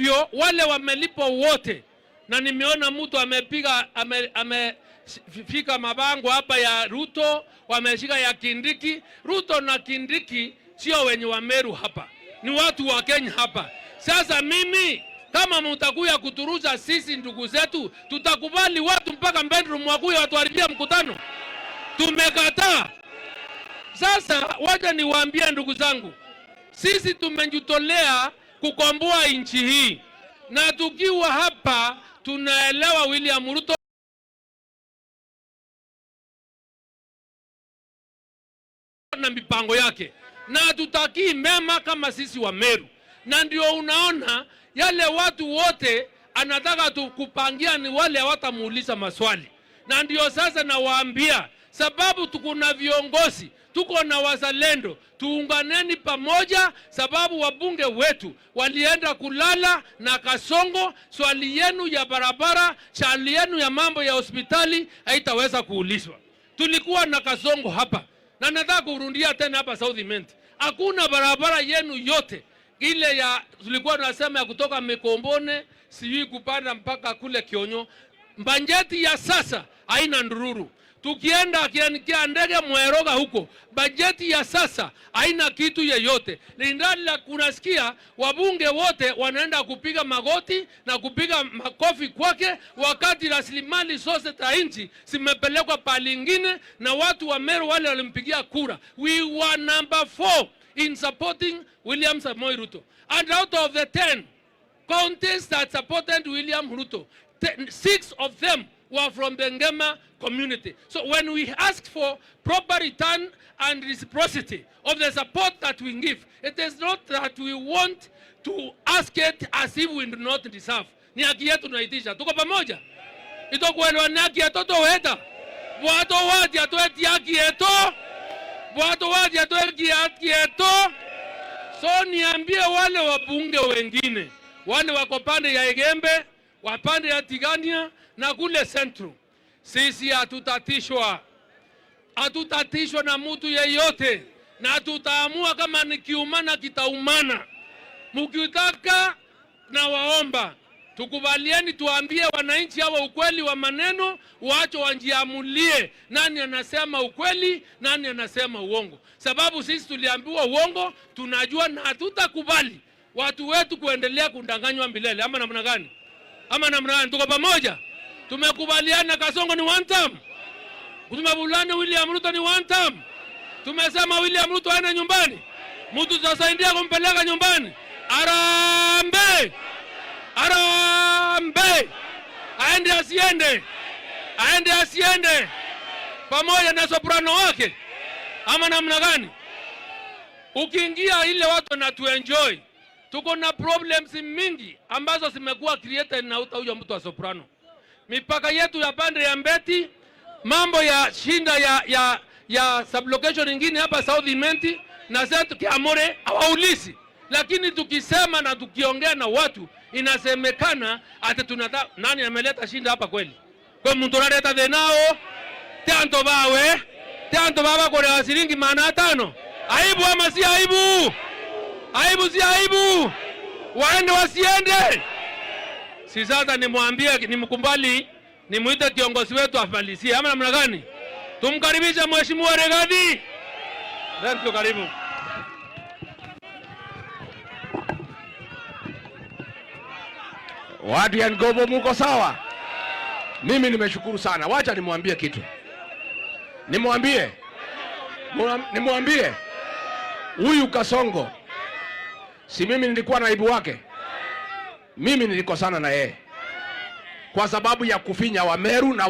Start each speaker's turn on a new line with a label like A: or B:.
A: hivyo wale wamelipwa wote, na nimeona mtu amepiga ame, ame fika mabango hapa ya Ruto, wameshika ya Kindiki. Ruto na Kindiki sio wenye wa Meru hapa, ni watu wa Kenya hapa. Sasa mimi kama mutakuya kuturuza sisi ndugu zetu, tutakubali watu mpaka bedroom wakuya watuharibia mkutano? Tumekataa. Sasa wacha niwaambie ndugu zangu, sisi tumejitolea kukomboa nchi hii, na tukiwa hapa tunaelewa William Ruto na mipango yake, na tutakii mema kama sisi wa Meru, na ndio unaona yale watu wote anataka tukupangia ni wale hawatamuuliza maswali, na ndio sasa nawaambia sababu tuko na viongozi, tuko na wazalendo. Tuunganeni pamoja, sababu wabunge wetu walienda kulala na Kasongo. Swali yenu ya barabara, swali yenu ya mambo ya hospitali haitaweza kuulizwa. Tulikuwa na Kasongo hapa na nataka kurundia tena hapa South Mend. Hakuna barabara yenu yote ile ya tulikuwa tunasema ya kutoka Mikombone sijui kupanda mpaka kule Kionyo. Mbanjeti ya sasa haina ndururu. Tukienda akianikia ndege mweroga huko, bajeti ya sasa haina kitu yeyote. la kunasikia wabunge wote wanaenda kupiga magoti na kupiga makofi kwake, wakati rasilimali zote za nchi zimepelekwa palingine na watu wa Meru wale walimpigia kura.
B: We were number four in supporting William Samoei Ruto and out of the 10 counties that supported William Ruto, 6 of them were from the Ngema community. So when we ask for proper return and reciprocity of the support that we give, it is not that we want to ask it as if we do not deserve. Ni haki yetu tunaitisha. Tuko pamoja? Ito Itokuelewa ni haki yetu tutoweta. Watu waje atueti haki yetu. Watu waje atueti haki yetu. So niambie wale wabunge wengine, wale wako pande ya Egembe, wapande ya Tigania na kule sentru. Sisi hatutatishwa, hatutatishwa na mutu yeyote, na tutaamua kama nikiumana kitaumana. mkitaka na waomba tukubalieni, tuambie wananchi hawa ukweli wa maneno, wacho wanjiamulie nani anasema ukweli, nani anasema uongo, sababu sisi tuliambiwa uongo, tunajua na hatutakubali watu wetu kuendelea kundanganywa milele. Ama namna gani? Ama namna gani? Tuko pamoja. Tumekubaliana Kasongo ni one term, kutuma tumevulana William Ruto ni one term. Tumesema William Ruto aende nyumbani, mtu tasaidia kumpeleka nyumbani. Arambe, arambe, aende asiende, aende asiende, pamoja na soprano wake ama namna gani? Ukiingia ile watu na tuenjoy, tuko na problems mingi ambazo zimekuwa created na uta huyo mtu wa soprano mipaka yetu ya pande ya Mbeti, mambo ya shinda ya, ya, ya sublocation nyingine hapa South Imenti na zetu Kiamore hawaulizi, lakini tukisema na tukiongea na watu inasemekana ati tunata nani ameleta shinda hapa kweli kwa mtu analeta denao tanto bawe tanto baba kwa shilingi maana tano. Aibu ama si aibu? Aibu si aibu? Waende wasiende? si sasa nimwambie, nimkumbali nimuite kiongozi wetu afalisie ama namna gani? Tumkaribishe mheshimiwa regadi Thank you, karibu.
C: Watu ya Ngobo muko sawa? Mimi nimeshukuru sana. Wacha nimwambie kitu, nimwambie nimwambie huyu Kasongo, si mimi nilikuwa naibu wake mimi nilikosana na yeye kwa sababu ya kufinya Wameru na